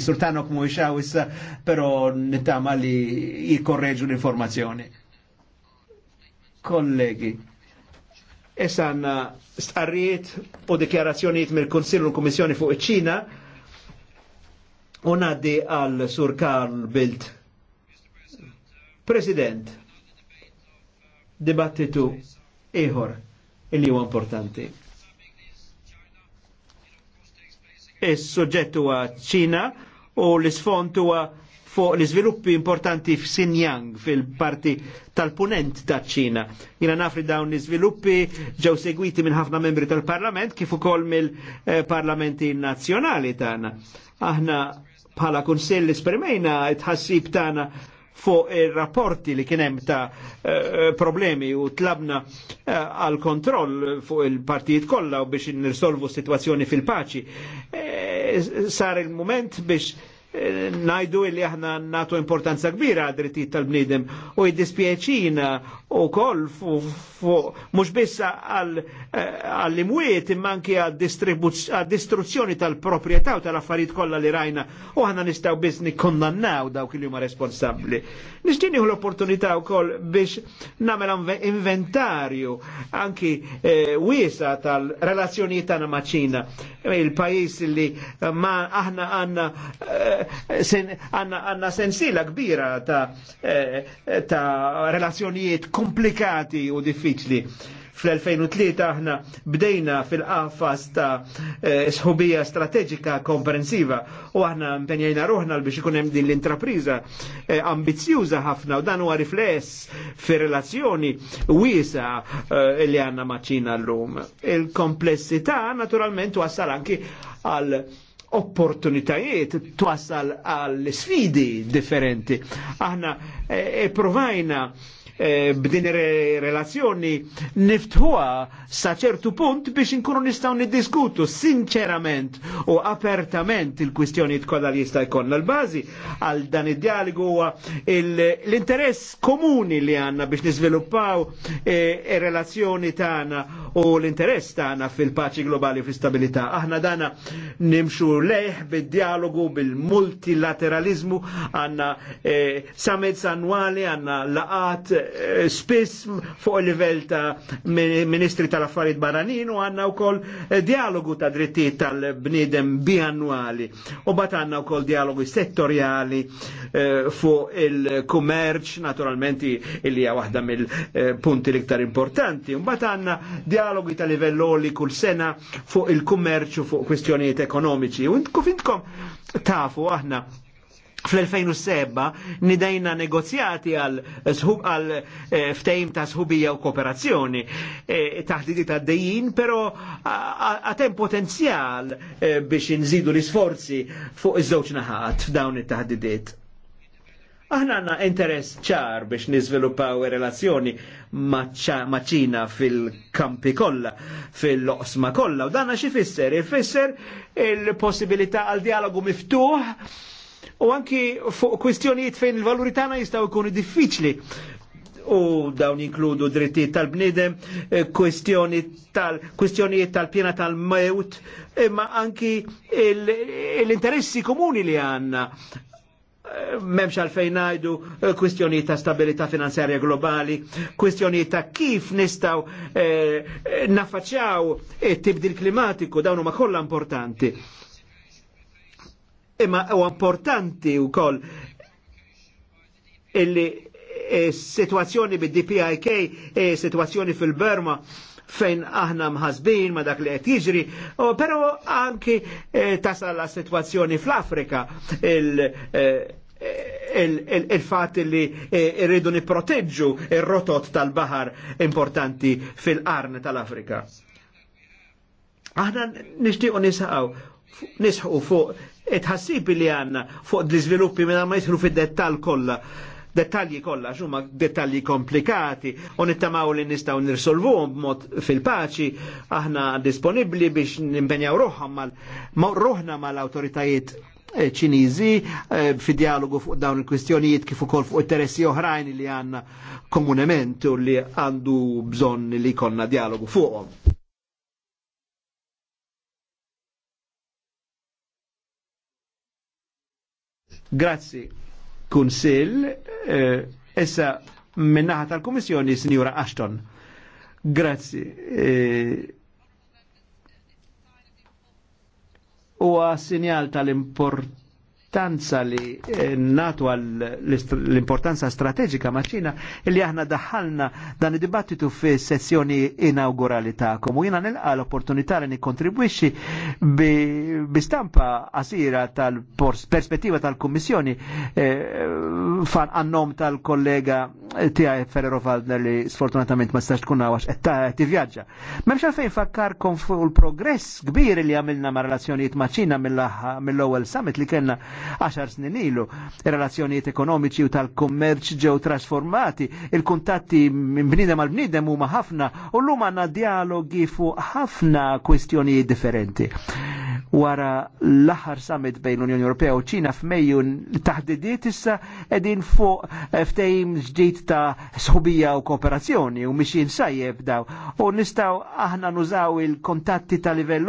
Is-sultanok mu ixaw issa, pero nittama li jikorreġu l-informazzjoni. Kollegi, issa għanna starriet u dikjarazzjoniet mill-Konsil u l-Kommissjoni fuq iċ-Ċina u naddi għal Sur Karl Bilt. President, dibattitu iħor il-li u importanti. Is-suġġett huwa Ċina u l-isfond huwa fuq l-iżviluppi importanti f'Sinjang fil-parti tal-punent taċ-Ċina. Jina nafri dawn l-iżviluppi ġew segwiti minn ħafna membri tal-Parlament kif ukoll mill-parlamenti nazzjonali tagħna. Aħna bħala kunsill ispermejna tħassib tagħna fuq il-rapporti li kienem ta' eh, eh, problemi u tlabna eh, għal kontroll fuq il-partijiet kollha u biex nirsolvu situazzjoni fil-paċi sar il-moment biex eh, najdu il-li aħna natu importanza kbira għad drittijiet tal-bnidem u jiddispjaċina u koll mux biss eh, għall-imwiet imma anki għal-distruzzjoni tal-proprietà u tal-affarijiet kollha li rajna u ħana nistaw biss nikkondannaw dawk li huma responsabbli. Nixtieni l-opportunità wkoll biex nagħmel inventarju anki eh, wiesa tal-relazzjonijiet tagħna ma' Ċina, il-pajjiż li ma aħna għandna eh, għandna sensila kbira ta', ta relazzjonijiet komplikati u diffiċli fl-2003 aħna bdejna fil-qafas ta' eh, sħubija strateġika komprensiva u aħna mpenjajna ruħna biex ikun hemm din l-intrapriża eh, ambizzjuża ħafna u dan huwa rifless fir-relazzjoni wiesa eh, li għandna maċina llum. Il-komplessità naturalment wassal anki għal opportunitajiet twassal għall sfidi differenti. Aħna eh, e provajna eh, Eh, b'din relazzjoni niftħuha sa ċertu punt biex inkunu nistgħu niddiskutu sinċerament u apertament il kwistjoni kollha li jista' jkollna l-bażi għal dan id-dialogu huwa l-interess komuni li għandna biex niżviluppaw eh, ir-relazzjoni tagħna u l-interess tagħna fil-paċi globali u fl-istabilità. Aħna dana nimxu leħ bid-dialogu bil-multilateralizmu għandna eh, summits annwali għandna laqat spiss fuq il-livell ta' ministri tal-affarijiet barranin u għanna wkoll eh, dialogu ta' drittijiet tal-bniedem biannuali u bat għanna wkoll dialogu settorjali eh, fuq il-kummerċ naturalment illi hija waħda mill-punti l-iktar importanti u bat għanna dialogi ta' livell li kull sena fuq il-kummerċ u fuq kwistjonijiet ekonomiċi u intkom tafu aħna fl-2007 nidajna negozjati għal, għal eh, ftejm ta' sħubija u kooperazzjoni e, eh, taħt li ta' dejjin, pero għatem potenzjal eh, biex nżidu l-isforzi fuq iż-żewġ naħat f'dawn it-taħdidiet. Aħna għanna interess ċar biex nizviluppaw relazzjoni maċċina fil-kampi kollha, fil-loqsma kollha, u danna xi fisser? Ifisser il-possibilità għal dialogu miftuħ u anki fuq kwistjonijiet fejn il-valuri tagħna jistgħu jkunu diffiċli u dawn jinkludu drittijiet eh, tal bniedem kwestjonijiet tal pjena tal mewt imma anki l-interessi komuni li għanna eh, memx għalfejn fejnajdu eh, kwistjonijiet ta' stabilità finanzjarja globali, kwistjonijiet ta' kif nistaw eh, nafaċaw it-tibdil klimatiku, dawn ma kollha importanti imma u importanti u koll illi e, situazzjoni bid-DPIK, e, situazzjoni fil-Berma, fejn aħna mħazbin ma dak li qed jiġri, però anki e, tasal la situazzjoni fl-Afrika il- il-fat e, il, li e, irridu niproteġġu ir-rotot tal-bahar importanti fil-qarn tal-Afrika. Aħna nixtiequ nisaqgħu nisħu fuq e it li għanna fuq l-izviluppi minna ma jisru fid dettal kolla dettalji kollha xumma dettalji komplikati u nittamaw li nistgħu nirsolvuhom b'mod fil-paċi aħna disponibbli biex nimpenjaw ruħam mal ruħna mal-awtoritajiet eh, ċiniżi eh, fi dialogu fuq dawn il-kwistjonijiet kif ukoll fuq interessi oħrajn li għandna komunement u li għandu bżonn li konna dialogu fuqhom. Grazzi, Kunsil, eh, issa minnaħa tal-Komissjoni, Signora Ashton. Grazzi. Eh, Huwa eh, sinjal tal-import Eh, l-importanza li natu l-importanza strategika ma' ċina li aħna daħalna dan id-dibattitu fi sezzjoni inaugurali ta'kom u jina nilqa l-opportunità li nikontribwixi bi stampa asira tal-perspettiva tal-Kommissjoni eh, fan annom tal-kollega eh, tija Ferrero Valdner li sfortunatament ma stax tkun għax qed tivvjaġġa. Memx għalfejn fakkar konfu l progress kbir li għamilna ma' relazzjonijiet ma' ċina mill-ewwel summit li kellna għaxar snin ilu. Relazzjonijiet ekonomiċi u tal-kummerċ ġew trasformati, il-kuntatti minn bnidem għal bnidem huma ħafna u lum għandna dialogi fuq ħafna kwestjonijiet differenti. Wara l-aħħar summit bejn l-Unjoni Ewropea u Ċina f'Mejju taħdidiet issa qegħdin fuq eh, ftejim ġdid ta' sħubija u kooperazzjoni u mixin sajjeb daw. U nistgħu aħna nużaw il-kontatti ta' livell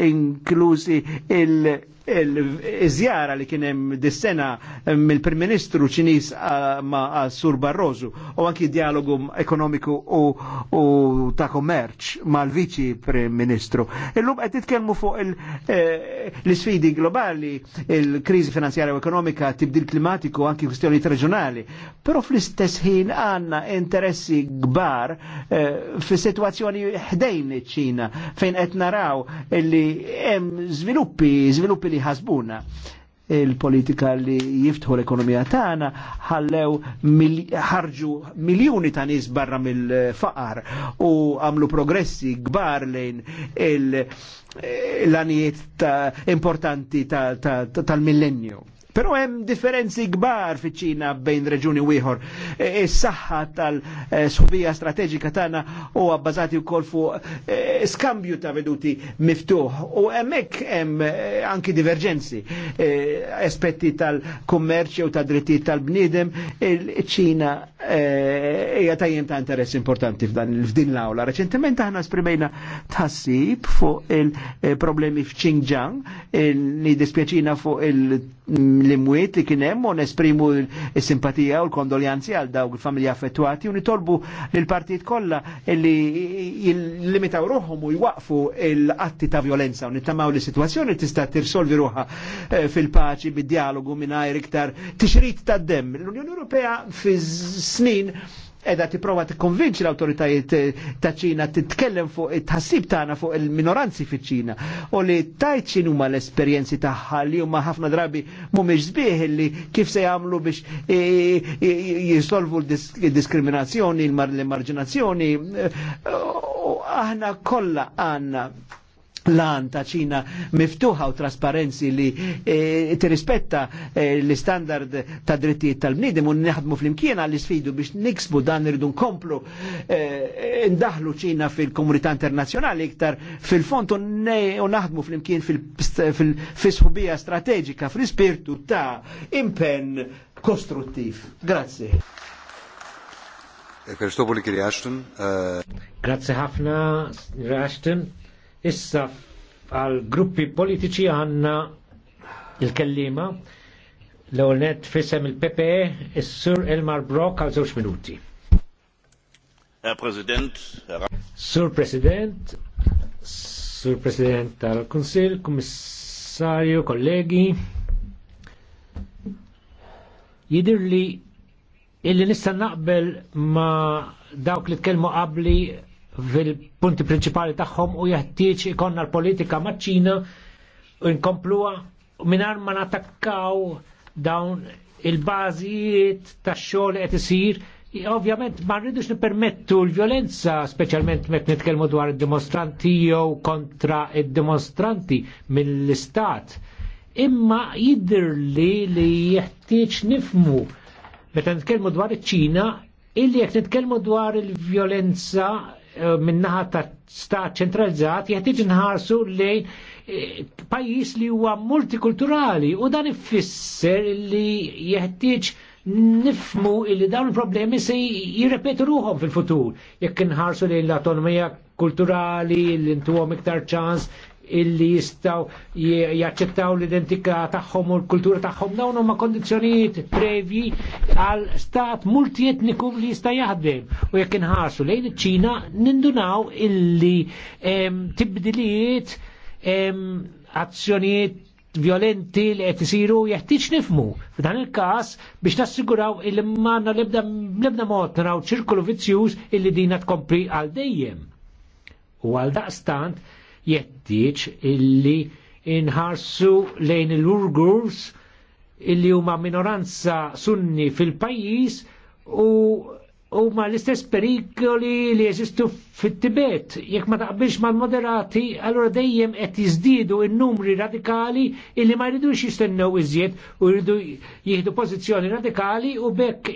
inklużi il- il-żjara li kien hemm dis-sena eh, mill-Prim Ministru Ċiniż eh, ma' eh, Sur Barroso u anki dialogu ekonomiku u ta' kommerċ mal-Viċi Prim Ministru. Illum qed titkellmu fuq l-isfidi globali, il-kriżi finanzjarja u ekonomika, tibdil klimatiku, anki kwistjonijiet reġjonali. Però fl-istess ħin għandna interessi kbar fi situazzjoni ħdejn iċ-Ċina fejn qed naraw li hemm żviluppi, żviluppi li jħasbuna il-politika li jiftħu l-ekonomija tagħna ħallew ħarġu miljuni ta' nies barra mill-faqar u għamlu progressi kbar lejn l-anijiet importanti tal-millennju. Ta ta ta Pero hemm differenzi kbar fiċ-Ċina bejn reġuni wieħor. Is-saħħa e, e tal-sħubija strateġika tagħna huwa bbażati wkoll fuq e, skambju ta' veduti miftuħ u hemmhekk hemm e, anki diverġenzi. E, Aspetti tal-kummerċ u tad-drittijiet tal-bniedem il-Ċina hija tajjem ta' interess importanti f'dan f'din l-awla. Reċentement aħna sprimejna tassib fuq il-problemi f'Xinjiang, li dispjaċina fuq l-imwiet li kien hemm u nesprimu s-simpatija u l-kondoljanzi għal dawk il-familja affettwati u nitolbu lill-partit kollha li jillimitaw ruħhom u jwaqfu l-atti ta' violenza u nittamaw li situazzjoni tista' tirsolvi ruħha eh, fil-paċi bid-dialogu mingħajr iktar tixrid tad-dem. L-Unjoni Ewropea fiż snin edha tipprova konvinċi l-autoritajiet eh, ta' ċina titkellem fuq it-ħassib tagħna fuq il-minoranzi fiċ-Ċina u li tajt ċin huma l-esperjenzi tagħha li huma ħafna drabi mhumiex sbieħ li kif se jagħmlu biex eh, eh, jisolvu l-diskriminazzjoni, l marginazzjoni Aħna kollha għandna lan ta' ċina miftuħa u trasparenzi li e, tirrispetta e, l-standard ta' drittijiet tal-bnidem u neħdmu fl imkiena għall sfidu biex niksbu dan irridu nkomplu e, ndaħlu ċina fil-komunità internazjonali iktar fil fontu u naħdmu fl-imkien fil-fisħubija fil strategika fl-ispirtu ta' impenn kostruttiv. Grazie. Grazie ħafna, Ashton. Issa għal gruppi politiċi għanna il-kellima l-għolnet fissem il-PPE il-Sur Elmar Brock għal żewġ minuti. Herr President, Herr... Sur President, Sur President tal-Konsil, Kommissarju, kollegi, jidir li illi nista naqbel ma dawk li tkellmu qabli fil-punti principali tagħhom u jeħtieġ ikonna l-politika maċ-Ċina u nkompluha mingħajr ma natakkaw dawn il-bażijiet tax-xogħol qed isir Ovvjament ma rridux nipermettu l-violenza, speċjalment meta nitkellmu dwar id-dimostranti jew kontra id-dimostranti mill-istat. Imma jidher li li jeħtieġ nifmu meta nitkellmu dwar iċ-Ċina illi jekk nitkellmu dwar il-violenza minnaħa ta' stat ċentralizzat jeħtieġ nħarsu lejn eh, pajjiż li huwa multikulturali u dan ifisser li jeħtieġ nifmu li dawn il-problemi se jirrepetu ruħom fil-futur. Jekk nħarsu lejn l-autonomija kulturali, l intuwom iktar ċans illi jistaw jaċċettaw l-identika tagħhom u l-kultura tagħhom dawn huma kondizzjonijiet previ għal stat multietniku li jista' jaħdem u jekk inħarsu lejn iċ-Ċina nindunaw illi tibdiliet azzjonijiet violenti li qed isiru jeħtieġ nifmu. F'dan il-każ biex nassiguraw illi m'għandna l-ebda l-ebda mod naraw ċirkolu vizzjuż illi dina tkompli għal dejjem. U għal daqstant jettieċ illi inħarsu lejn l-Urgurs illi huma minoranza sunni fil-pajjiż u huma l-istess perikoli li jeżistu fit-Tibet. Jekk ma taqbilx mal-moderati, allura dejjem qed jiżdiedu n-numri radikali illi ma jridux jistennew iżjed u jridu jieħdu pożizzjoni radikali u bekk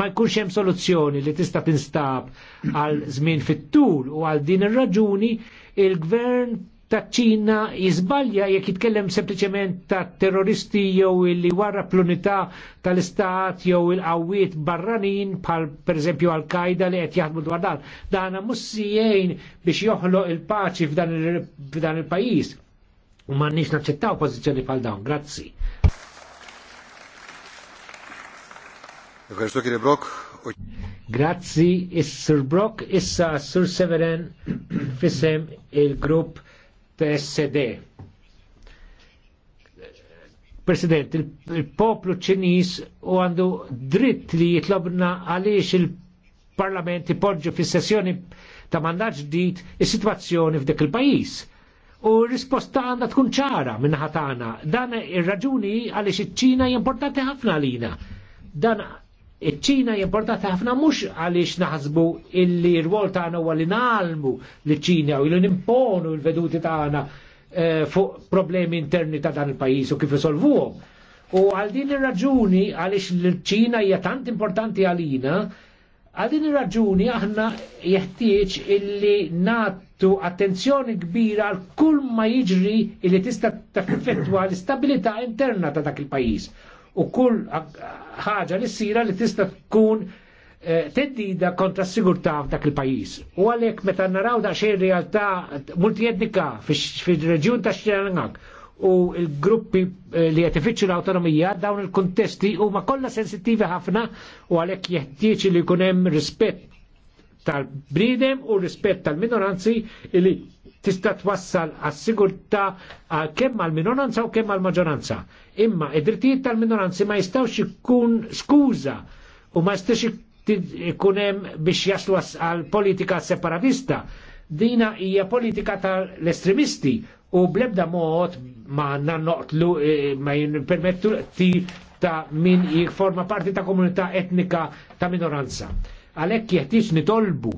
ma jkunx hemm soluzzjoni li tista' tinstab għal żmien fit-tul u għal din ir-raġuni il-gvern ta' ċina jizbalja jekk jitkellem sempliċement ta' terroristi jew li wara plunità tal-istat jew il-qawwiet barranin bħal pereżempju Al-Qaida li qed jaħdmu dwar dan. Dan mhux sijejn biex joħloq il-paċi f'dan il-pajjiż. U m'għandniex naċċettaw pożizzjoni bħal dawn. Grazzi. Grazzi, is-Sir Brock, issa Sir Severin, fissem il-grupp PSD. President, il-poplu ċinis u għandu dritt li jitlobna għaliex il-parlament ipoġġu fis sessjoni ta' mandat ġdid is-sitwazzjoni f'dik il-pajis. U risposta għandha tkun ċara minnaħa tagħna. Dan ir-raġuni għaliex iċ-Ċina importanti ħafna għalina. Dan Iċ-Ċina jimportata ħafna mhux għaliex naħsbu illi r-wol tagħna huwa li li liċ-Ċina u li nimponu l-veduti tagħna eh, fuq problemi interni ta' dan il-pajjiż u kif isolvuhom. U għal din ir-raġuni għaliex l-Ċina hija tant importanti għalina, għal din ir-raġuni aħna jeħtieġ illi nattu attenzjoni kbira għal kull ma jiġri li tista' taffettwa l-istabilità interna ta' dak il-pajjiż. U kull ħaġa li sira li tista' tkun eh, teddida kontra s-sigurtà f'dak il-pajis. U għalek meta naraw da xejn realtà multietnika fil-reġjun ta' Xriangak u il-gruppi eh, li qed ifittxu l-awtonomija dawn il-kuntesti huma kollha sensittivi ħafna u għalhekk jeħtieġ li jkun hemm rispett tal-bridem u rispett tal-minoranzi li tista' twassal għas sigurta kemm għall-minoranza u kemm għall-maġġoranza. Imma id-drittijiet tal-minoranzi ma jistgħux ikun skuża u ma jistax ikun hemm biex jaslu għal politika separatista. Dina hija politika tal-estremisti u blebda mod ma għandna noqtlu e, ma jinpermettu ta' min jikforma parti ta' komunità etnika ta' minoranza. Għalhekk jeħtieġ nitolbu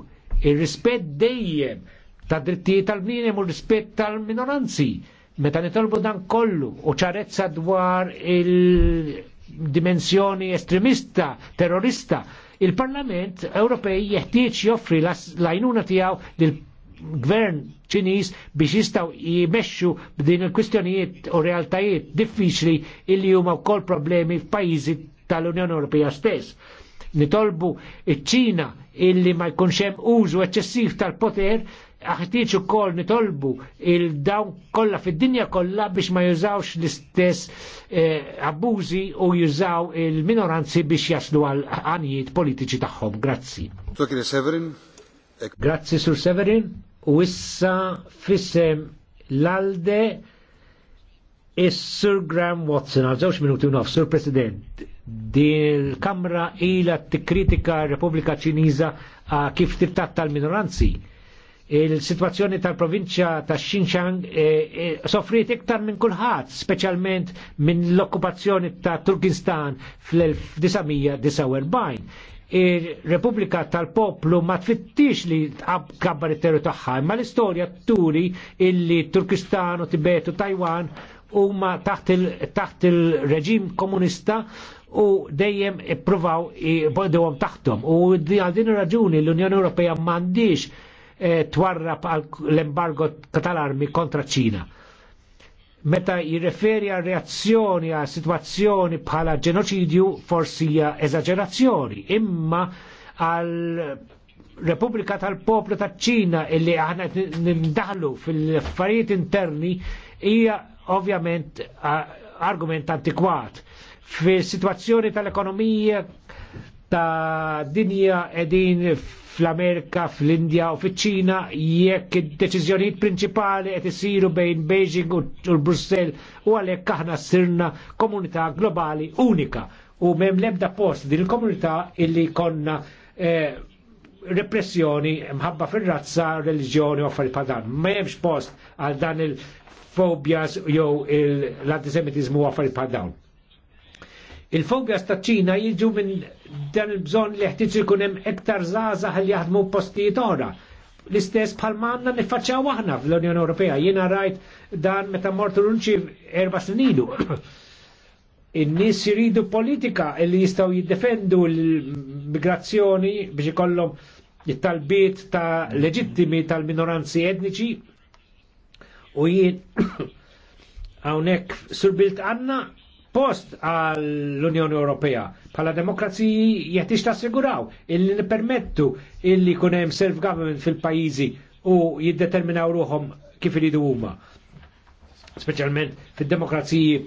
ir-rispett dejjem ta' drittijiet tal-bniedem u rispett tal-minoranzi. Meta nitolbu dan kollu u ċarezza dwar il-dimensjoni estremista, terrorista, il-Parlament Ewropej jeħtieġ joffri l ajnuna tiegħu lil gvern ċiniż biex jistaw jimexxu b'din il-kwistjonijiet u realtajiet diffiċli illi huma wkoll problemi f'pajjiżi tal-Unjoni Ewropea stess. Nitolbu iċ-Ċina illi ma jkunx hemm użu eċċessiv tal-poter aħtiċ ukoll nitolbu il-dawn kollha fid-dinja kollha biex ma jużawx l-istess eh, abbużi u jużaw il-minoranzi biex jaslu għal għanijiet politiċi tagħhom. Grazzi. Grazzi Sur Severin u issa fissem l-alde is-Sir Graham Watson għal żewġ minuti nof, Sur President, din kamra ila tikkritika kritika Repubblika Ċiniża kif tirtatta l-minoranzi il-situazzjoni tal-provinċja ta' Xinjiang eh, eh, soffriet iktar minn kulħadd, speċjalment minn l-okkupazzjoni ta' Turkistan fl-1949. Ir-Repubblika tal-Poplu ma tfittix li tkabbar it terru tagħha, imma l-istorja turi illi Turkistan u Tibet u Taiwan huma taħt il-reġim komunista u dejjem ippruvaw bodewhom taħtom. U għal din ir-raġuni l-Unjoni Ewropea m'għandix E, twarrab l-embargo tal-armi kontra ċina. Meta jirreferi għal reazzjoni għal situazzjoni bħala ġenoċidju hija eżagerazzjoni, imma għal Repubblika tal-Poplu tal-ċina illi aħna nindaħlu fil-affarijiet interni hija ovvjament argument antikwat. fis situazzjoni tal-ekonomija ta' dinja edin fl-Amerika, fl-Indja u fiċ-Ċina jekk id-deċiżjonijiet prinċipali qed isiru bejn Beijing u l Brussell u għalhekk aħna sirna komunità globali unika u mem lebda post din il-komunità illi konna eh, repressjoni mħabba fil-razza, reliġjoni u affarijiet padan. Ma hemmx post għal dan il-fobjas jew l-antisemitizmu u affarijiet padan. Il-fobias ta' ċina jiġu minn dan il-bżon li ħtiġ ikun hemm iktar żgħażagħ li jaħdmu postijiet oħra. L-istess bħal manna nifaċċaw aħna fl-Unjoni Ewropea. Jiena rajt dan meta mortu runċi erba' snin ilu. In-nies jiridu politika li jistgħu jiddefendu l-migrazzjoni biex ikollhom it-talbiet ta' leġittimi tal-minoranzi etniċi u jien hawnhekk surbilt għandna post għall-Unjoni Ewropea. Pala demokraziji jettix tassiguraw illi permettu illi kunem self-government fil-pajizi u jiddeterminaw ruħom kif iridu huma. Speċjalment fil demokraziji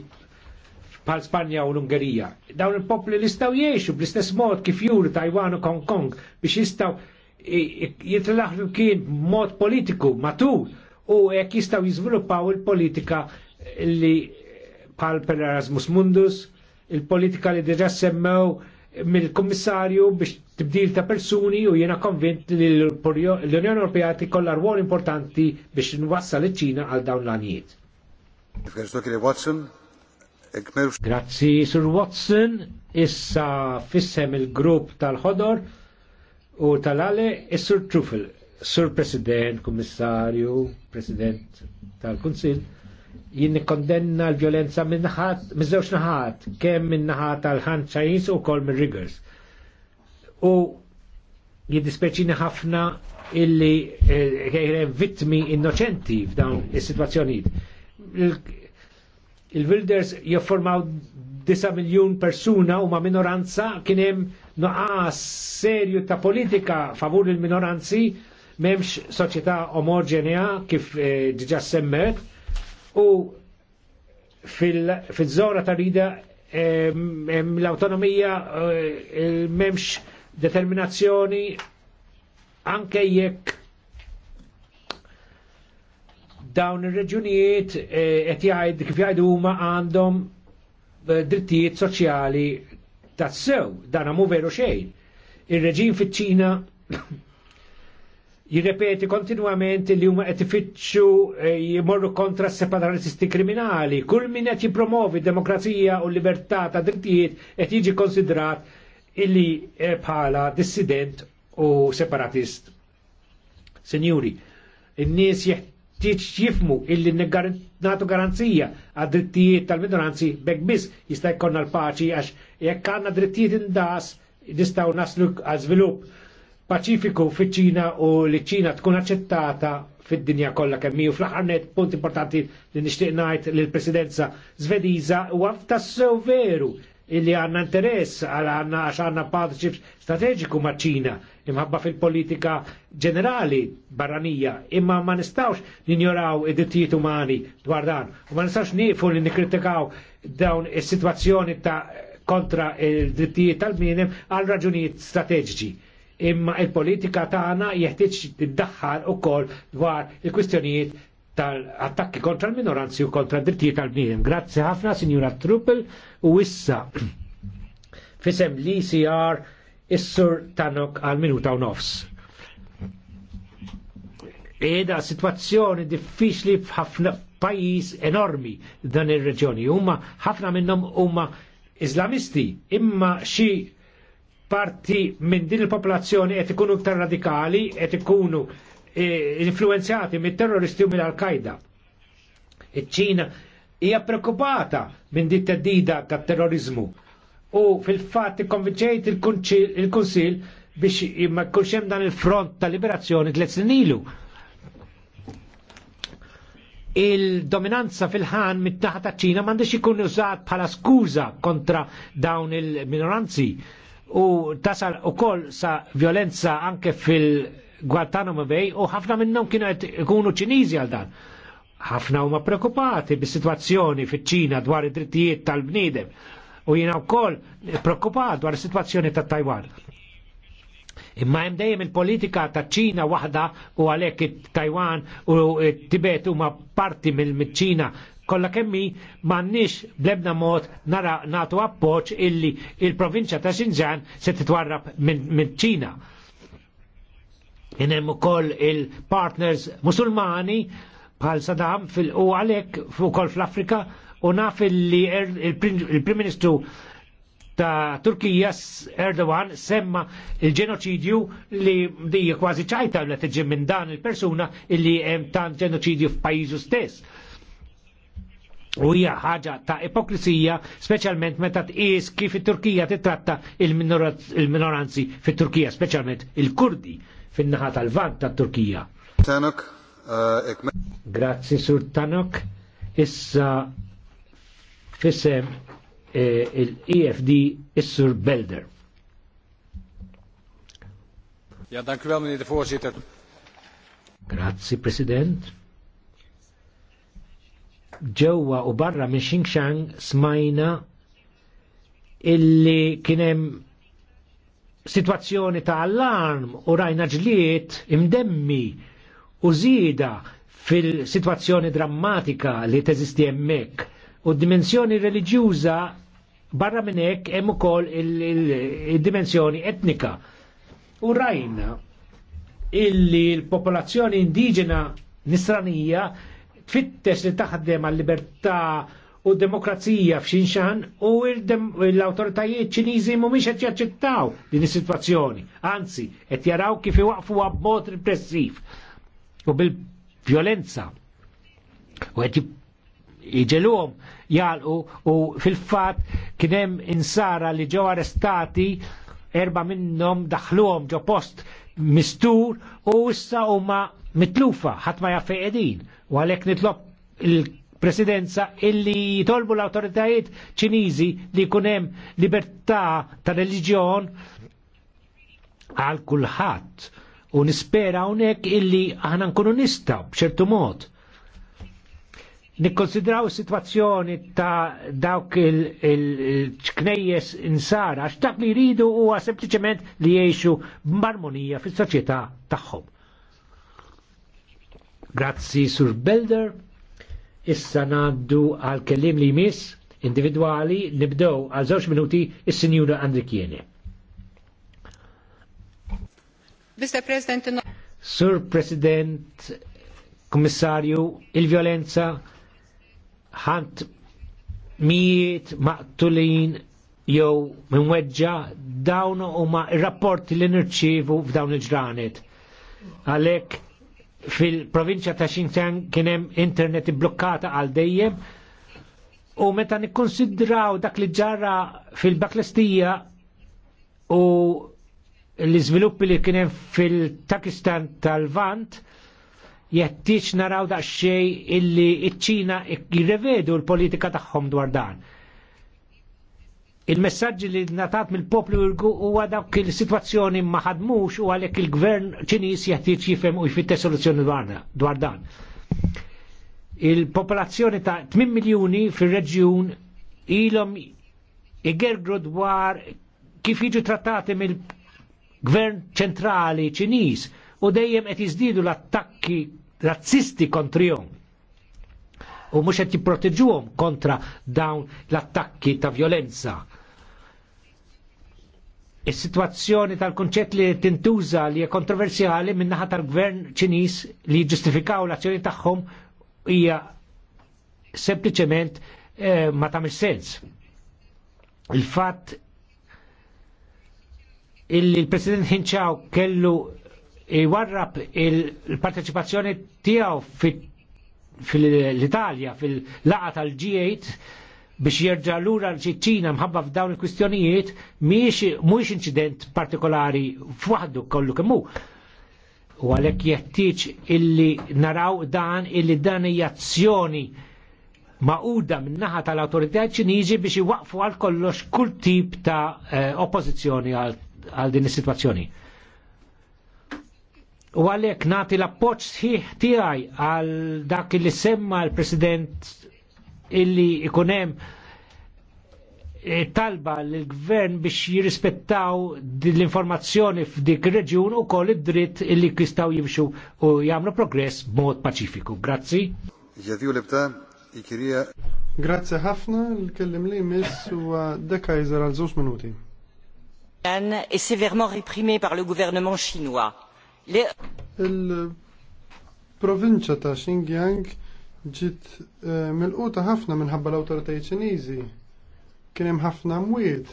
pal Spanja u l-Ungerija. Dawn il-popli li staw jiexu bl-istess mod kif juru Taiwan u Hong Kong biex jistaw jitlaħlu kien mod politiku matul u jekk jistaw jizvilupaw il-politika li bħal per Erasmus Mundus, il-politika li diġa semmew mill-Kommissarju biex tibdil ta' persuni u jiena konvint li l-Unjoni Ewropea tikollha rwol importanti biex nwassal iċ-Ċina għal dawn l-għanijiet. Grazzi, Sur Watson, issa fissem il-grupp tal-ħodor u tal-għale, is-Sur Trufel, Sur President, Kommissarju, President tal-Kunsil. Jinn kondenna l-violenza minn naħat, naħat, kemm minn naħat tal-ħan ċajis u kol minn Riggers. U jiddispeċini ħafna illi eh, kejrem vittmi innoċenti f'dawn is situazzjoniet Il-Wilders jofformaw 9 miljon persuna u ma' minoranza kienem noqas serju ta' politika favur il-minoranzi memx soċjetà omogenea kif eh, diġa semmet u fil-żora tal-ida l-autonomija eh, memx determinazzjoni anke jekk dawn ir-reġunijiet eh, qed jgħid kif jgħidu huma għandhom eh, drittijiet soċjali tassew, dan mu veru xejn. Ir-reġim fiċ-Ċina jirrepeti kontinuament li huma qed ifittxu eh, jmorru kontra separatisti kriminali. Kull min qed jippromovi demokrazija u libertà ta' drittijiet qed jiġi konsidrat illi eh, bħala dissident u separatist. Senjuri, in-nies jeħtieġ jifmu illi nagħtu garanzija għad drittijiet tal-minoranzi bekk biss jista' jkollna l-paċi għax jekk għandna drittijiet indas nistgħu naslu għal żvilupp paċifiku fiċ-Ċina u li ċina tkun aċċettata fid-dinja kollha kemm hija fl-aħħar punt importanti li nixtieq ngħid lill presidenza Svediża huwa tassew veru illi għanna interess għal għanna għax għanna partnership strategiku ma' ċina imħabba fil-politika ġenerali barranija imma ma nistawx ninjoraw id-dittijiet umani dwar dan u ma nistawx nifu li nikritikaw dawn is-sitwazzjoni ta' kontra il-drittijiet tal-minem għal raġunijiet strateġiċi imma il-politika tagħna jeħtieġ tiddaħħal ukoll dwar il-kwistjonijiet tal-attakki kontra l-minoranzi u kontra d-drittijiet tal-bniedem. Grazzi ħafna, Sinjura Truppel, u issa fisem l-ICR is-sur Tanok għal-minuta u nofs. Eda situazzjoni diffiċli f'ħafna pajis enormi dan ir-reġjoni. Huma ħafna minnhom huma Islamisti, imma xi parti minn din il-popolazzjoni qed ikunu iktar radikali, qed ikunu e, influenzati mit-terroristi u mill-Al-Qaida. Iċ-Ċina hija preoccupata minn din teddida tat-terrorizmu. U fil-fatt ikkonvinċejt il kunsill biex ma jkunx hemm dan il-front ta' liberazzjoni tliet snin ilu. Il-dominanza fil-ħan mit-taħta ċina m'għandix ikun użat bħala skuża kontra dawn il-minoranzi u tasal u koll sa violenza anke fil-Guantanamo Bay u ħafna minnom kienu għet ikunu ċinizi għal dan. ħafna huma preoccupati bis situazzjoni fiċ-Ċina dwar id-drittijiet tal bnidem u jiena wkoll preokkupat dwar is-sitwazzjoni ta' Taiwan. Imma hemm dejjem il-politika ta' Ċina waħda u għalhekk it-Taiwan u it tibet huma parti mill-Ċina kolla kemmi mannix blebna mod nara natu appoċ illi il-provinċja ta' Xinjiang se titwarrab minn Ċina. Hemm kol il-partners Musulmani bħal Saddam fil u fu kol fl-Afrika u naf li er- il-Prim Ministru ta' Turkija Erdogan semma il-ġenoċidju li di kważi ċajta li tiġi minn dan il-persuna illi hemm tant ġenoċidju f'pajjiżu stess U hija ħaġa ta' ipokrisija, speċjalment meta tqis kif it-Turkija titratta il-minoranzi fit-Turkija, speċjalment il-Kurdi fin-naħa tal-vant tat-Turkija. Tanok, eh, Grazzi Sur Tanok. Issa fissem eh, il-EFD is-Sur Belder. Ja, dankjewel meneer de voorzitter. Grazie, president ġewwa u barra minn Xinjiang smajna illi kienem situazzjoni ta' allarm u rajna ġliet imdemmi u zida fil-situazzjoni drammatika li teżisti hemmhekk u d-dimensjoni reliġjuża barra minn hekk hemm ukoll id-dimensjoni etnika. U rajna illi l-popolazzjoni indiġena nisranija Fittex li taħdem għal-libertà u demokrazija f'Xinxan u l-autoritajiet ċiniżi mhumiex qed jaċċettaw din is-sitwazzjoni. Anzi, qed jaraw kif iwaqfu b'mod repressiv u bil-vjolenza. U qed jiġeluhom jalqu u fil-fatt kien hemm insara li ġew arrestati erba' minnhom daħluhom ġo post mistur u issa huma mitlufa ħadd ma edin qegħdin u għalhekk nitlob il-presidenza illi jitolbu l-awtoritajiet ċiniżi li jkun hemm libertà ta' reliġjon għal kulħadd u nispera hawnhekk illi aħna nkunu nistgħu b'ċertu mod nikkonsidraw situazzjoni ta' dawk il-ċknejjes il, il insara, għax dak li jridu huwa sempliċement li jgħixu b'armonija fis-soċjetà tagħhom. Grazzi Sur Belder. Issa naddu għal kellim li jmiss individuali nibdew għal żewġ minuti is-Sinjura Andrikieni. Mr. President, no... Sur President, Kommissarju, il-violenza ħant mijiet maqtulin jew minweġġa dawn huma r-rapporti li nirċievu f'dawn il-ġranet. Għalhekk fil-provinċja ta' Xinjiang kien hemm internet blokkata għal dejjem u meta nikkonsidraw dak li ġara fil-Baklestija u l-iżviluppi li kien hemm fil takistan tal-Vant jettiex naraw daqsxejn illi iċ-Ċina jirrevedu l-politika tagħhom dwar dan. Il-messagġi li natat mill-poplu huwa għadak il-sitwazzjoni m'aħadmux u għalhekk il-gvern Ċiniż jeħtieġ jifhem u jfitte soluzzjoni dwar dan. Il-popolazzjoni ta' 8 miljuni fir-reġjun ilhom igerdru dwar kif jiġu trattati mill-gvern ċentrali Ċiniż u dejjem qed jiżdiedu l-attakki razzisti kontrihom. U mhux qed jipproteġuhom kontra dawn l-attakki ta' violenza is-sitwazzjoni tal-kunċett li tintuża li hija kontroversjali min-naħa tal-gvern Ċiniż li ġustifikaw l-azzjoni tagħhom hija sempliċement eh, ma tagħmilx sens. Il-fatt illi l-President Hinċaw kellu iwarrab il-parteċipazzjoni tiegħu fil-Italja fil-laqa tal-G8 biex jerġa' lura l ċiċina mħabba f'dawn il-kwistjonijiet mhijiex mhuwiex partikolari f'wahdu kollu kemm hu. U għalhekk jeħtieġ illi naraw dan illi dan jazzjoni azzjoni maquda min-naħa tal-awtorità ċiniżi biex iwaqfu għal kollox kull tip ta' eh, oppożizzjoni għal din is-sitwazzjoni u għalek nati l-appoċ sħiħ tiegħi għal dak li semma l-President illi ikunem eh, talba l-gvern biex jirrispettaw l-informazzjoni f'dik reġjun u koll id-dritt illi kistaw jimxu u jamlu progress b'mod paċifiku. Grazzi. Ġadiju libta, ikirija. Grazzi ħafna, l-kellim li mis u deka jizar għal żewġ minuti. Est sévèrement réprimé par le gouvernement chinois. Il-provinċa ta' Xinjiang ġiet eh, quta ħafna minħabba l autoritajiet Ċiniżi. Kien hemm ħafna mwiet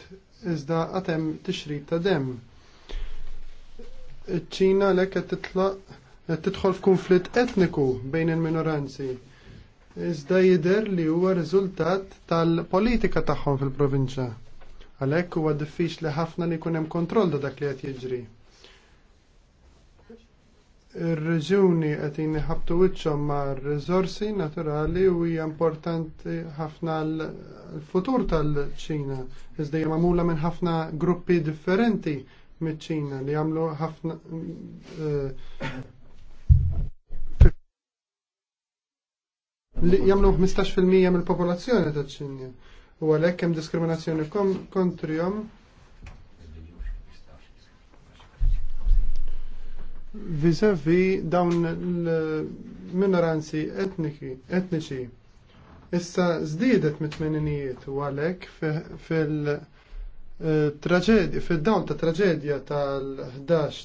iżda qatt hemm tixrid ta' dem. Iċ-Ċina lek qed titlaq qed tidħol f'kunflitt etniku bejn il-minoranzi. Iżda jidher li huwa riżultat tal-politika tagħhom fil-provinċja. Għalhekk huwa diffiċli ħafna li jkun hemm kontroll ta' dak li qed jiġri ir-reġuni qed jinħabtu wiċċhom ma' riżorsi naturali u hija importanti ħafna l-futur tal-Ċina. Iżda hija magħmula minn ħafna gruppi differenti miċ-Ċina li jagħmlu ħafna eh, li jagħmlu 15% mill-popolazzjoni taċ-Ċina. U għalhekk hemm diskriminazzjoni kontrihom vizavi dawn l-minoranzi etniċi. Issa żdiedet mit-tmeninijiet u għalhekk fil- eh, traġedja, fil-dawn ta' traġedja tal-11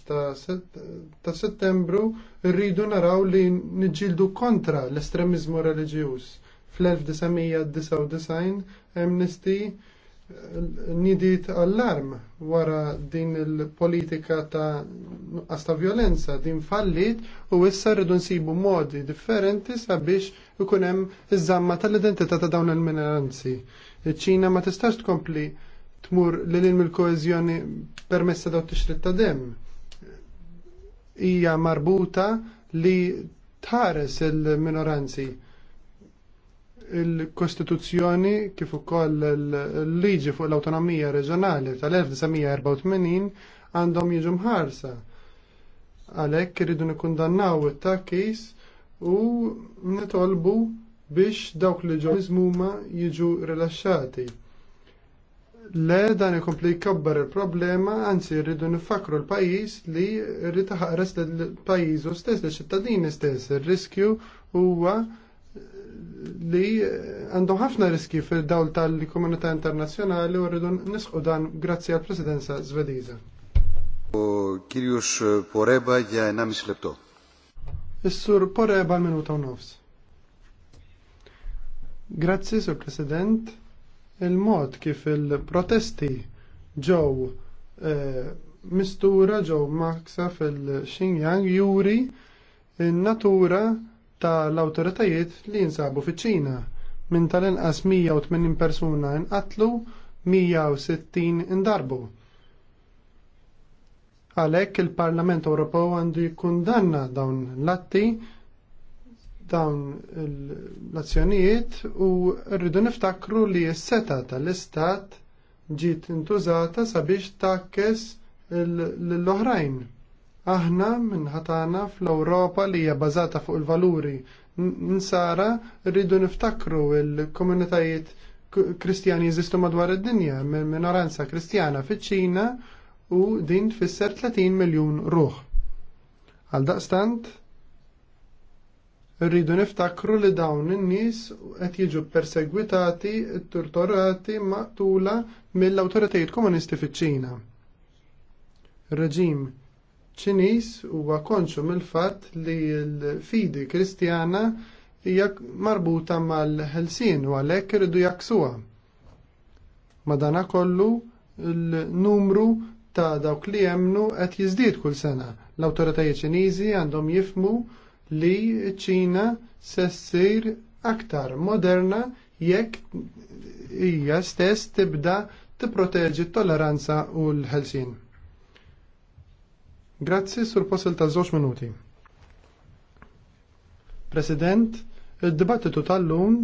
ta' settembru rridu naraw li nġildu kontra l estremiżmu reliġjuż. Fl-1999 Amnesty nidit allarm wara din il-politika ta' nuqqas ta' violenza din fallit u issa rridu nsibu modi differenti sabiex ikun hemm iż-żamma tal-identità ta' dawn il-minoranzi. Iċ-Ċina ma tistax tkompli tmur lil ilm il-koeżjoni permessa daw tixrid ta' dem. Hija marbuta li tħares il-minoranzi il-Kostituzzjoni kif ukoll il-liġi fuq l-autonomija reġjonali tal-1984 għandhom jiġu mħarsa. Għalhekk iridu nikkundannaw it-takkis u nitolbu biex dawk li ġew miżmuma jiġu rilaxxati. Le dan ikompli jkabbar il-problema, anzi rridu nifakru l-pajis li rrid taħares l-pajis u stess, l-ċittadini stess. il riskju huwa li għandhom ħafna riski fil-dawl tal-komunità internazzjonali u rridu nisqu dan grazzi għall presidenza zvediza. U Kirjus Poreba ja namis lepto. Is-sur Poreba minuta u nofs. Grazzi, sur President. Il-mod kif il-protesti ġew eh, mistura ġow maksa fil-Xinjiang juri in-natura tal-awtoritajiet li jinsabu fiċ-Ċina. Minn tal-inqas 180 persuna inqatlu, 160 indarbu. Għalhekk il-Parlament Ewropew għandu jikkundanna dawn l-atti dawn l-azzjonijiet u rridu niftakru li s-seta tal-istat ġiet intużata sabiex takkes l-oħrajn. Aħna minħatana fl-Ewropa li hija bażata fuq il-valuri nsara rridu niftakru il-komunitajiet kristjani jeżistu madwar id-dinja minn minoranza kristjana fiċ-Ċina u din tfisser 30 miljun ruħ. Għal daqstant, rridu niftakru li dawn in-nies qed jiġu persegwitati, torturati, maqtula mill-awtoritajiet komunisti fiċ-Ċina. Reġim ċinis huwa konxu mill-fatt li l-fidi kristjana hija marbuta mal ħelsien u għalhekk iridu jaksuha. Madanakollu l-numru ta' dawk li jemnu qed jiżdied kull sena. L-awtoritajiet Ċiniżi għandhom jifmu li ċina se ssir aktar moderna jekk hija stess tibda tipproteġi t-toleranza u l ħelsien Grazzi sur posil ta' żewġ minuti. President, il-dibattitu tal-lum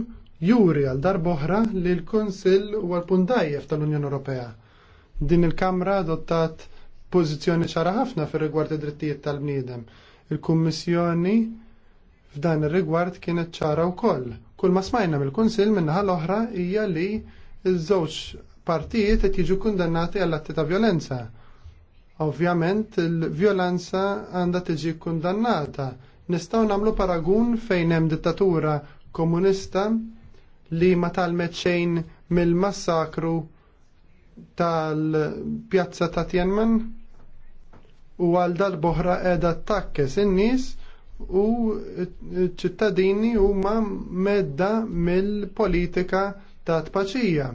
juri għal darboħra li l-Konsil u għal-Pundajjef tal-Unjoni Ewropea. Din il-Kamra adottat pożizzjoni ċara ħafna fir rigward id-drittijiet tal-bniedem. Il-Kummissjoni f'dan ir-rigward kienet ċara wkoll. Kull ma smajna mill-Kunsill minnaħa l-oħra hija li ż-żewġ partijiet qed jiġu kundannati għall atti ta' violenza Ovvjament il-vjolanza għandha tiġi kundannata. Nistgħu nagħmlu paragun fejn hemm dittatura komunista li ma talmet xejn mill-massakru tal-pjazza ta' Tiananmen u għal dal-boħra edha takkes in-nies u ċittadini huma medda mill-politika ta' tpaċija.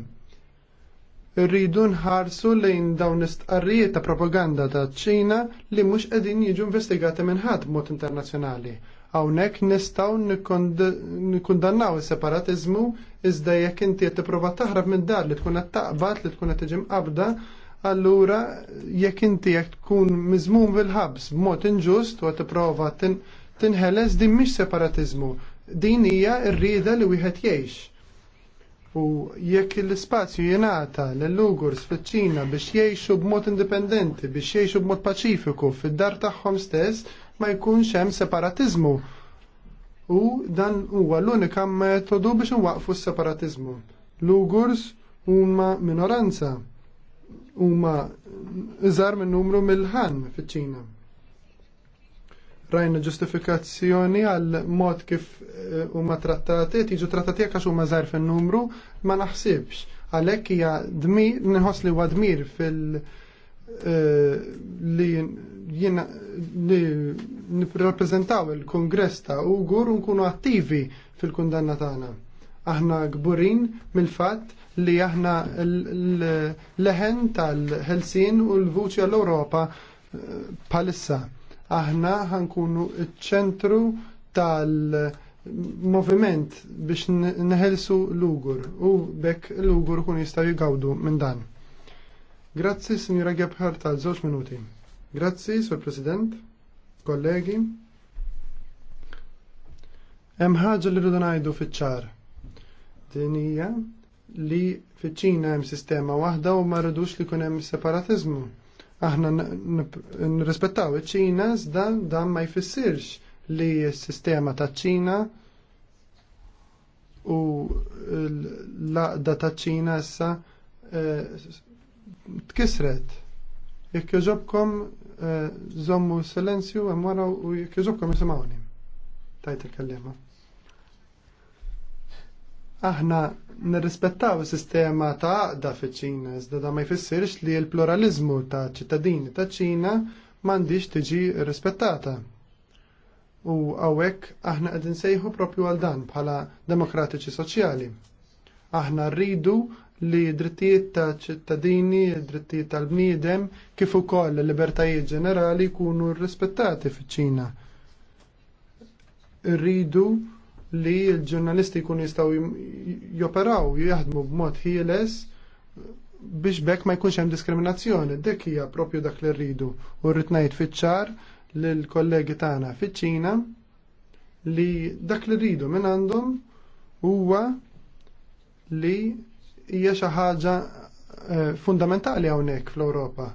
Irridu nħarsu lejn dawn istqarrijiet ta' propaganda ta' ċina li mhux qegħdin jiġu investigati minn ħadd mod internazzjonali. Hawnhekk nistgħu nikkundannaw is-separatiżmu iżda jekk inti qed tipprova taħrab minn dar li tkun qed taqbad li tkun qed tiġi mqabda, allura jekk inti jekk tkun miżmum bil-ħabs b'mod inġust u qed tipprova tinħeles din mhix separatiżmu. Din hija rrieda li wieħed jgħix U jekk l-ispazju jenata l-Lugurs fiċ-Ċina biex jgħixu b'mod indipendenti, biex jgħixu b'mod paċifiku fid-dar tagħhom stess, ma jkunx hemm separatiżmu. U dan huwa l-unika metodu biex nwaqfu s-separatiżmu. Lugurs huma minoranza huma iżar minn numru mill-ħan fiċ-Ċina. Rajna ġustifikazzjoni għal mod kif eh, huma trattati, tiġu trattati għax huma żgħar fin-numru, ma naħsibx. Għalhekk hija dmir, nħos li huwa dmir fil- eh, li jina li nippreżentaw il-kongress ta' Ugur u nkunu attivi fil-kundanna tagħna. Aħna gburin mill-fatt li aħna l-leħen tal-Helsin u l-vuċi għall-Europa eh, palissa aħna ħankunu ċ-ċentru tal-moviment biex neħelsu l-ugur u bekk l-ugur kun jistaw jgawdu minn dan. Grazzi, signora Gebhardt, tal żewġ minuti. Grazzi, sur President, kollegi. Hemm ħaġa li rridu ngħidu fiċ-ċar. Din hija li fiċ-Ċina hemm sistema waħda u ma rridux li jkun hemm separatiżmu. Aħna nirrispettaw iċ-Ċina iżda dan ma jfissirx li s-sistema ta' ċina u l-laqda ta' ċina issa eh, tkisret. Jek joġobkom zommu eh, silenzju għamwara u jek joġobkom jisimawni. Tajt il-kellima. Aħna nirrispettaw is-sistema ta' għaqda fiċ-Ċina, iżda da ma jfissirx li l-pluralizmu ta' ċittadini ta' Ċina m'għandix tiġi rispettata. U għawek aħna għedin sejħu propju għal dan bħala demokratiċi soċjali. Aħna rridu li drittijiet ta' ċittadini, drittijiet tal-bniedem, kif ukoll libertajiet ġenerali jkunu rrispettati fiċ-Ċina. rridu li l-ġurnalisti jkunu jistgħu joperaw, jaħdmu b'mod ħieles biex bekk ma jkunx hemm diskriminazzjoni. Dik hija propju dak li rridu. U rrid ngħid fiċ-ċar lill kollegi tagħna fiċ-Ċina li dak li rridu minn għandhom huwa li hija xi ħaġa eh, fundamentali hawnhekk fl-Ewropa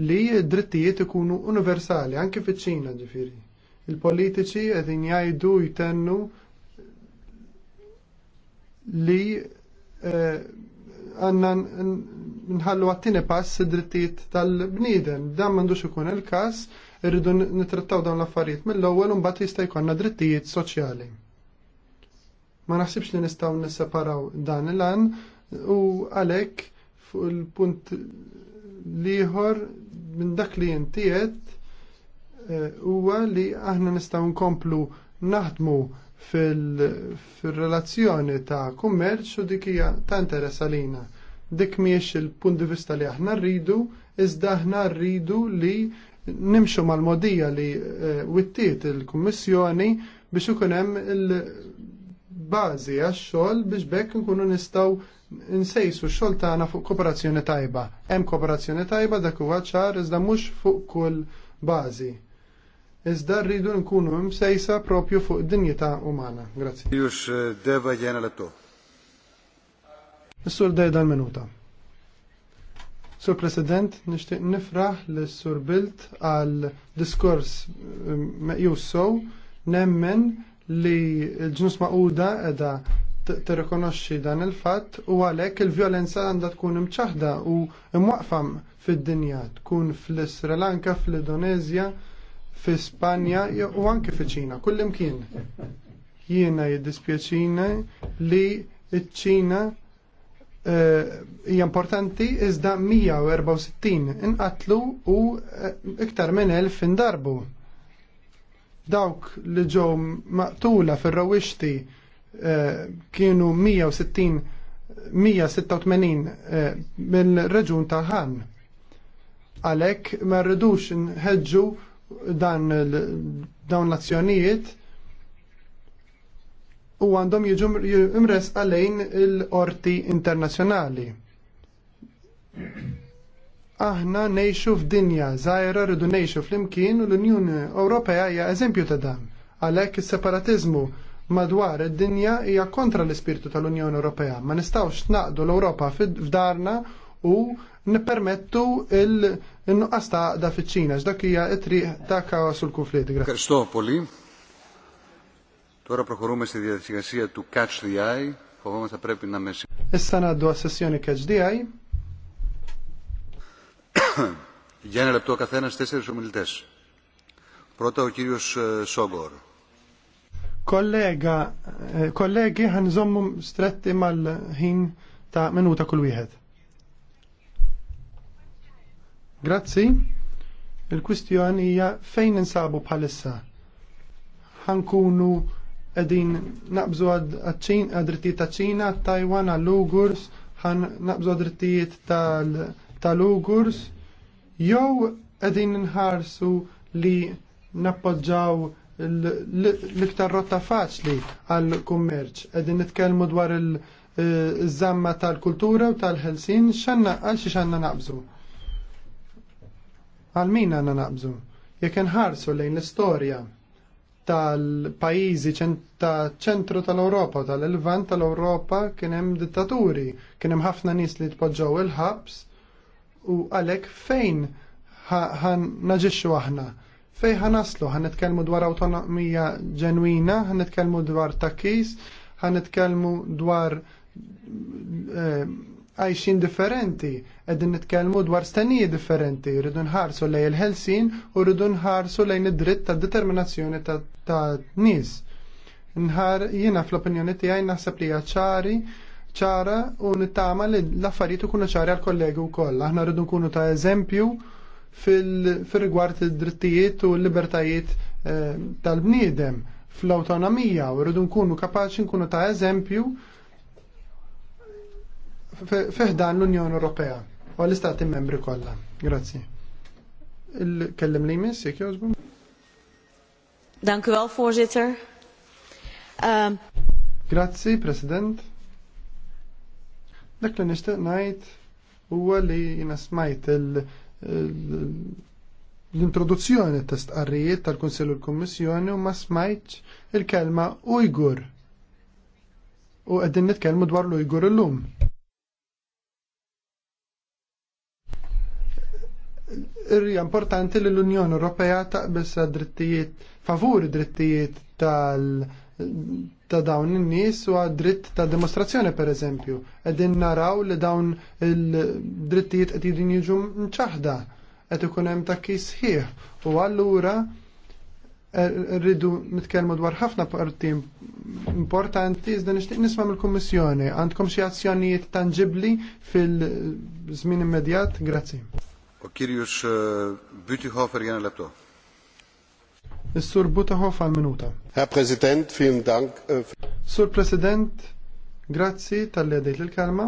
li d-drittijiet ikunu universali anke fiċ-Ċina ġifieri. Il-politiċi qegħdin jgħidu jtennu li eh, għanna nħallu għattini pass id-drittijiet tal-bnidem. Dan mandux ikun il-kas, irridu nitrattaw dawn l-affarijiet mill-ewwel un mbagħad jista' jkollna drittijiet soċjali. Ma naħsibx li nistgħu nisseparaw dan il-għan u għalhekk fuq il-punt liħor minn dak li jintiet eh, huwa li aħna nistgħu nkomplu naħdmu fil-relazzjoni fil ta' kummerċ u dik hija ta' interess għalina. Dik miex il-punt di vista li aħna rridu, iżda aħna rridu li nimxu mal-modija li eh, wittiet il-Kummissjoni biex ikun hemm il-bażi għax-xogħol biex bekk nkunu nistgħu nsejsu x-xogħol tagħna fuq kooperazzjoni tajba. Hemm kooperazzjoni tajba dak huwa ċar iżda mhux fuq kull bażi. Iżda rridu nkunu msejsa propju fuq dinjità umana. Grazzi. Jux eh, deva jena l-to. Is-sur dejda l-minuta. Sur President, nixtieq nifraħ lis sur Bilt għal diskors eh, meqjus sow nemmen li l-ġnus maquda edha tirrikonoxxi dan il-fatt u għalhekk il-vjolenza għandha tkun imċaħda u imwaqfam fid-dinja tkun fl-Sri Lanka, fl-Indonezja, fl sri lanka fl indonezja fi Spanja u anke fi ċina, kullimkien. Jiena jiddispjaċina li ċ-Ċina eh, hija importanti iżda 164 inqatlu u eh, iktar minn 1000 indarbu. Dawk li ġew maqtula fir-rawixti eh, kienu 160 186 mill-reġun ta' ħan. Għalhekk ma rridux nħeġġu dan dawn l-azzjonijiet u għandhom jiġu imres għalejn il-qorti internazzjonali. Aħna nejxu f'dinja zaħira rridu nejxu fl-imkien u l-Unjoni Ewropea hija eżempju ta' dan. Għalhekk is-separatizmu madwar id-dinja hija kontra l-ispirtu tal-Unjoni Ewropea. Ma nistgħux naqdu l-Ewropa f'darna u nippermettu il- in-nuqqas da fiċċina, ċina x'dak hija t ta' kawa sul l-konflitt. Kristopoli, τώρα προχωρούμε στη διαδικασία tu Catch the Eye. Φοβάμαι θα prepi na με Issa ngħaddu għas-sessjoni Catch the Eye. Για ένα λεπτό καθένας τέσσερις ομιλητές. Πρώτα ο κύριος Σόγκορ. Kollega, kollegi ħanżommu stretti mal-ħin ta' minuta kull wieħed. Grazzi. Il-kwistjoni hija fejn insabu bħalissa. Ħankunu qegħdin naqbżu għad-drittijiet ta' Ċina, Taiwan, għall-Ugurs, ħan naqbżu għad-drittijiet tal-Ugurs, jew qegħdin nħarsu li nappoġġaw l-iktar rotta faċli għall kummerċ Qegħdin nitkellmu dwar il-żamma eh, tal-kultura u tal-ħelsin, xanna għal xi xanna naqbżu. Għal min għanna naqbżu? Jekk nħarsu lejn l-istorja tal-pajizi ta' ċentru tal-Europa, tal-Levant tal-Europa kien hemm dittaturi, kien hemm ħafna nies li tpoġġew il-ħabs u għalhekk fejn ħan naġixxu aħna. Fejn ħan naslu, ħan nitkellmu dwar awtonomija ġenwina, ħan nitkellmu dwar takkis, ħan nitkellmu dwar eh, għajxin differenti, għedin nitkelmu dwar stennijiet differenti, rridu nħarsu lejn il-ħelsin u rridu nħarsu lejn id-dritt ta' determinazzjoni ta' nis. Nħar jina fl-opinjoni tiegħi naħseb li ċari ċara u nittama li l-affarijiet ikunu ċari għal kollegu wkoll. Aħna rridu nkunu ta' eżempju fil-rigward id-drittijiet u l-libertajiet eh, tal-bniedem fl-awtonomija u rridu nkunu kapaċi nkunu ta' eżempju fiħdan l-Unjoni Ewropea u l-Istati membri kollha. Grazzi. il kellem li jmiss, jek jozbu? Dank u għal, voorzitter. Ehm, Grazzi, President. Dak li nishtiq ngħid huwa li jiena smajt l-introduzzjoni ta' stqarrijiet tal-Kunsill u l-Kummissjoni u ma smajtx il-kelma Ujgur. U qegħdin nitkellmu dwar l-Ujgur illum. lum irja importanti li l-Unjoni Ewropea taqbes drittijiet favur drittijiet tal ta' dawn in-nies u għad dritt ta' dimostrazzjoni per eżempju. Qegħdin naraw li dawn il-drittijiet qed jidin jiġu mċaħda qed ikun hemm takkis sħiħ u allura er-, rridu nitkellmu dwar ħafna parti importanti iżda nixtieq nisma' mill-Kummissjoni. Għandkom xi azzjonijiet tanġibbli fil-żmien immedjat? Grazzi. Kirjus e, Butihofer jena lepto. Is-Sur Butihof għal minuta. Herr President, vielen Dank. Äh, Sur President, grazzi tal-li għadejt il-kelma.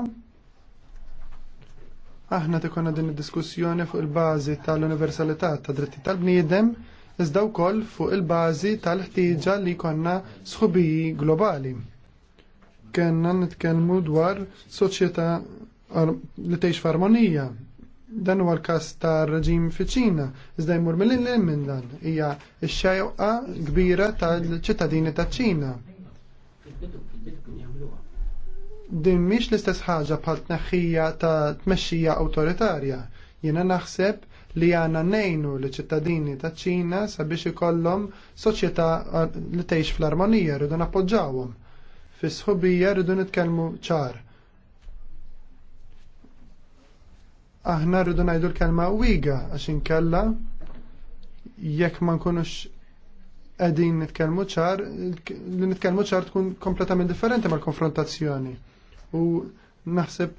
Aħna tikonna din id-diskussjoni fuq il-bażi tal-universalità ta' dritti tal-bniedem, iżda wkoll fuq il-bażi tal-ħtieġa li konna sħubiji globali. Kenna nitkellmu dwar soċjetà li tgħix f'armonija dan huwa l-każ ta' reġim fiċ-Ċina, iżda jmur mill-inlem minn dan hija x-xewqa kbira tal-ċittadini taċ-Ċina. Din mhix l-istess ħaġa bħal tneħħija ta' tmexxija awtoritarja. Jiena naħseb li għandna nejnu li ċittadini taċ-Ċina sabiex ikollhom soċjetà eh, li tgħix fl-armonija rridu nappoġġawhom. Fis-sħubija rridu nitkellmu ċar aħna rridu ngħidu l-kelma wiga għax inkella jekk ma nkunux qegħdin nitkellmu ċar, li nitkellmu ċar tkun kompletament differenti mal-konfrontazzjoni. U naħseb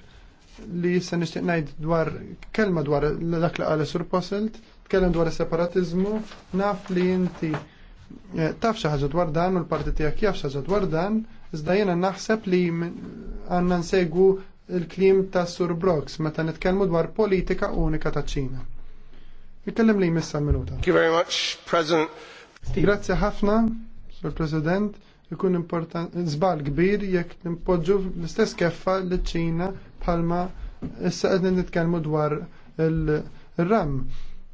li jissa nixtieq ngħid dwar kelma dwar dak li qal sur Posselt, tkellem dwar is-separatiżmu, naf li inti eh, taf xi ħaġa dwar dan u l-parti tiegħek jaf xi ħaġa dwar dan, iżda jiena naħseb li għandna nsegwu il-klim ta' Sur Brooks meta nitkellmu dwar politika unika ta' Ċina. Nitkellem li jmissa minuta. Thank you very much, President. Grazzi ħafna, Sur President. Ikun importanti, zbal kbir jekk nimpoġġu l-istess keffa l ċina bħalma issa qed nitkellmu dwar il-ram.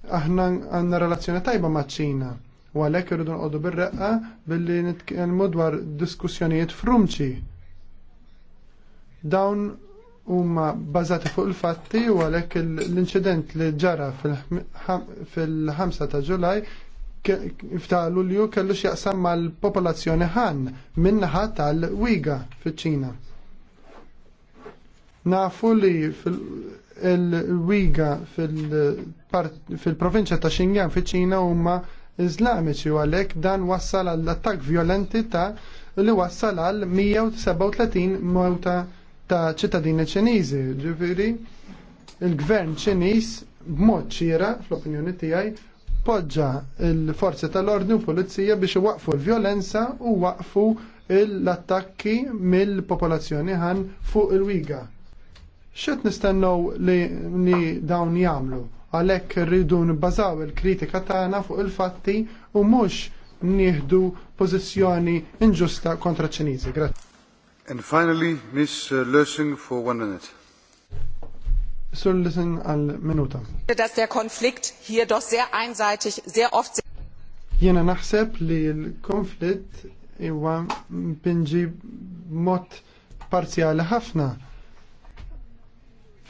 Aħna għandna relazzjoni tajba ma' ċina u għalhekk irridu nqogħdu bir-reqqa billi nitkellmu dwar diskussjonijiet frumċi. Dawn huma bbażati fuq il-fatti u għalhekk l-inċident li ġara fil-5 ta' Ġulaj fta' Lulju kellu x'jaqsam mal-popolazzjoni Han minnaħa tal-Wiga fiċ-Ċina. Nafu li fil wiga fil-provinċja ta' Xinjiang fiċ-Ċina huma Iżlamiċi u għalhekk dan wassal għall attakk violenti ta' li wassal għal 137 mewta ta' ċittadini ċiniżi, ġifiri il-gvern ċiniż b'mod ċira fl-opinjoni tiegħi poġġa l-forzi tal-ordni u pulizija biex waqfu l-vjolenza u waqfu l-attakki mill-popolazzjoni ħan fuq il-wiga. Xet nistennew li, li dawn jagħmlu għalhekk rridu nibbażaw il-kritika tagħna fuq il-fatti u mhux nieħdu pożizzjoni inġusta kontra ċ-Ċiniżi. Grazie. And finally, Ms. Uh, Lösing for one minute. Sir Lösing għal minuta. Dass der Konflikt hier doch sehr einseitig, sehr oft... Jena naħseb li l-konflitt huwa pinġi mod parzjali ħafna.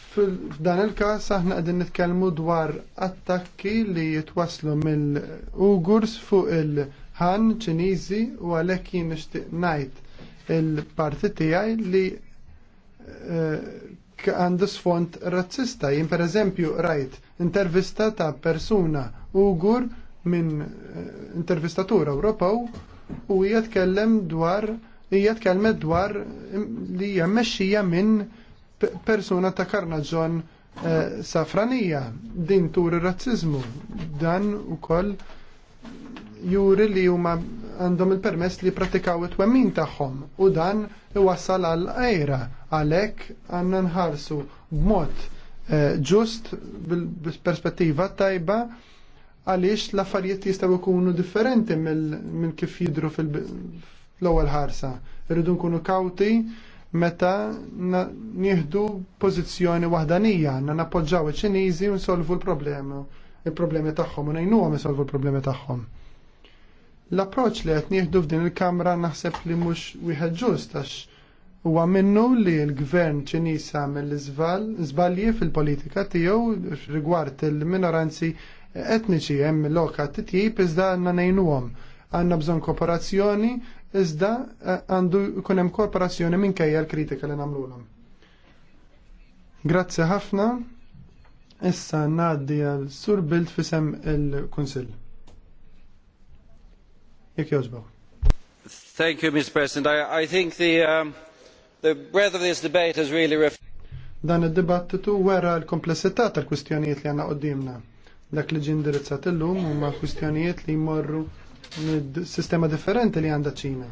F'dan il-każ aħna qegħdin nitkellmu dwar attakki li jitwaslu mill-Ugurs fuq il-ħan Ċiniżi u għalhekk jien nixtieq ngħid il-parti tiegħi li eh, għandu sfond razzista. Jien per eżempju rajt intervista ta' persuna ugur minn eh, intervistatur Ewropew u jatkellem tkellem dwar jatkellem dwar mm, li hija minn persuna ta' karnaġon eh, safranija din tur ir dan dan ukoll juri li huma għandhom il-permess li pratikaw it-twemmin tagħhom u dan iwassal għal ejra għalhekk għandna nħarsu b'mod eh, ġust bil-perspettiva tajba għaliex l-affarijiet jistgħu jkunu differenti minn kif jidru fil-ewwel ħarsa. Irridu nkunu kawti meta nieħdu pożizzjoni waħdanija, għandna nappoġġaw iċ-Ċiniżi u nsolvu l-problema il-problemi tagħhom u ngħinuhom isolvu l-problemi tagħhom. L-approċ li qed nieħdu f'din il-Kamra naħseb li mhux wieħed ġust għax huwa minnu li l-Gvern Ċiniż għamel żbalji fil-politika tiegħu rigward il-minoranzi etniċi hemm loka titjib iżda għandna ngħinuhom. Għandna bżonn kooperazzjoni iżda eh, għandu jkun hemm kooperazzjoni minkejja l-kritika li nagħmluhom. Grazzi ħafna. Issa ngħaddi għal Sur Bild fisem il-Kunsill. Thank you, Mr. President. I, I think the, um, the breadth of this debate has really Dan id-dibattitu wera l-komplessità tal-kwistjonijiet li għanna qoddimna. Dak li ġindirizzat illum huma kwistjonijiet li jmorru sistema differenti li għandha ċina.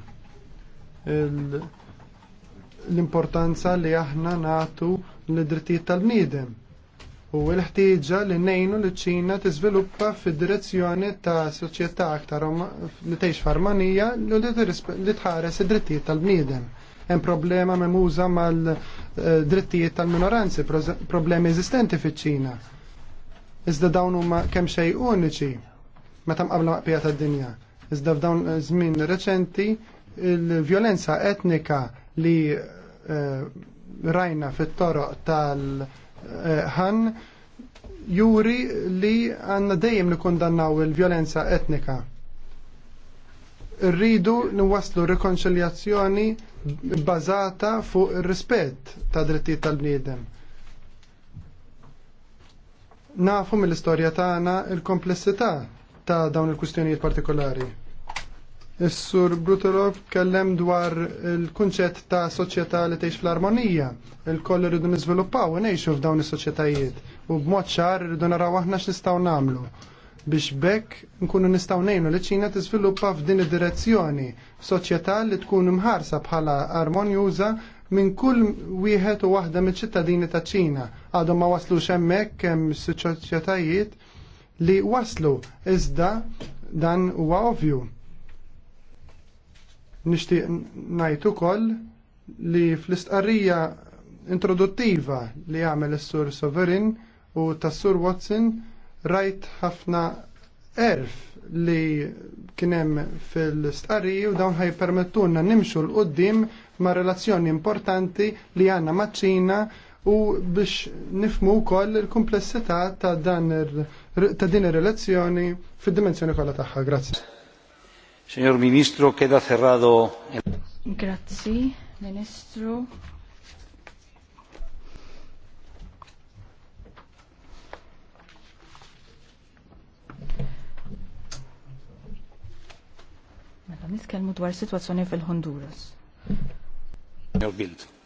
L-importanza li aħna natu l-drittijiet tal-bniedem u l-ħtieġa li nejnu li ċina tiżviluppa fid-direzzjoni ta' soċjetà aktar li tgħix farmanija li tħares id-drittijiet tal-bniedem. Hemm problema memuża mal-drittijiet eh, tal-minoranzi, problemi eżistenti fiċ-Ċina. Iżda dawn huma kemm xejn uniċi meta mqabla maqbija tad-dinja. Iżda f'dawn żmien reċenti il-vjolenza etnika li eh, rajna fit-toroq tal- Eh, ħan juri li għanna dejjem kondannaw il-violenza etnika. Rridu niwaslu rekonċiljazzjoni bazata fuq ir-rispett ta' drittijiet tal-bniedem nafu mill-istorja tagħna il-komplessità ta' dawn il kustjonijiet partikolari. Is-sur Brutelov tkellem dwar il-kunċett ta' soċjetà li tgħix fl-armonija. Il-koll irridu niżviluppaw u ngħixu f'dawn is-soċjetajiet u b'mod ċar irridu naraw aħna x'nistgħu nagħmlu biex bekk nkunu nistgħu ngħinu li ċina tiżviluppa f'din id-direzzjoni soċjetà li tkun imħarsa bħala armonjuża minn kull wieħed u waħda mill-ċittadini ta' ċina. Għadhom ma waslux hemmhekk hemm soċjetajiet li waslu iżda dan huwa ovvju. Nixtieq ngħid ukoll li fl-istqarrija introduttiva li għamel is-Sur Soverin u tas-Sur Watson rajt ħafna erf li kienem fil-istqarri u dawn ħaj nimxu l-qoddim ma' relazzjoni importanti li għanna maċċina u biex nifmu koll il-komplessità ta' din ir-relazzjoni fid-dimensjoni kollha tagħha. Grazzi. Signor Ministro, queda cerrado. Grazie, Ministro. Mela nitkellmu dwar sitwazzjoni fil-Honduras. Bild.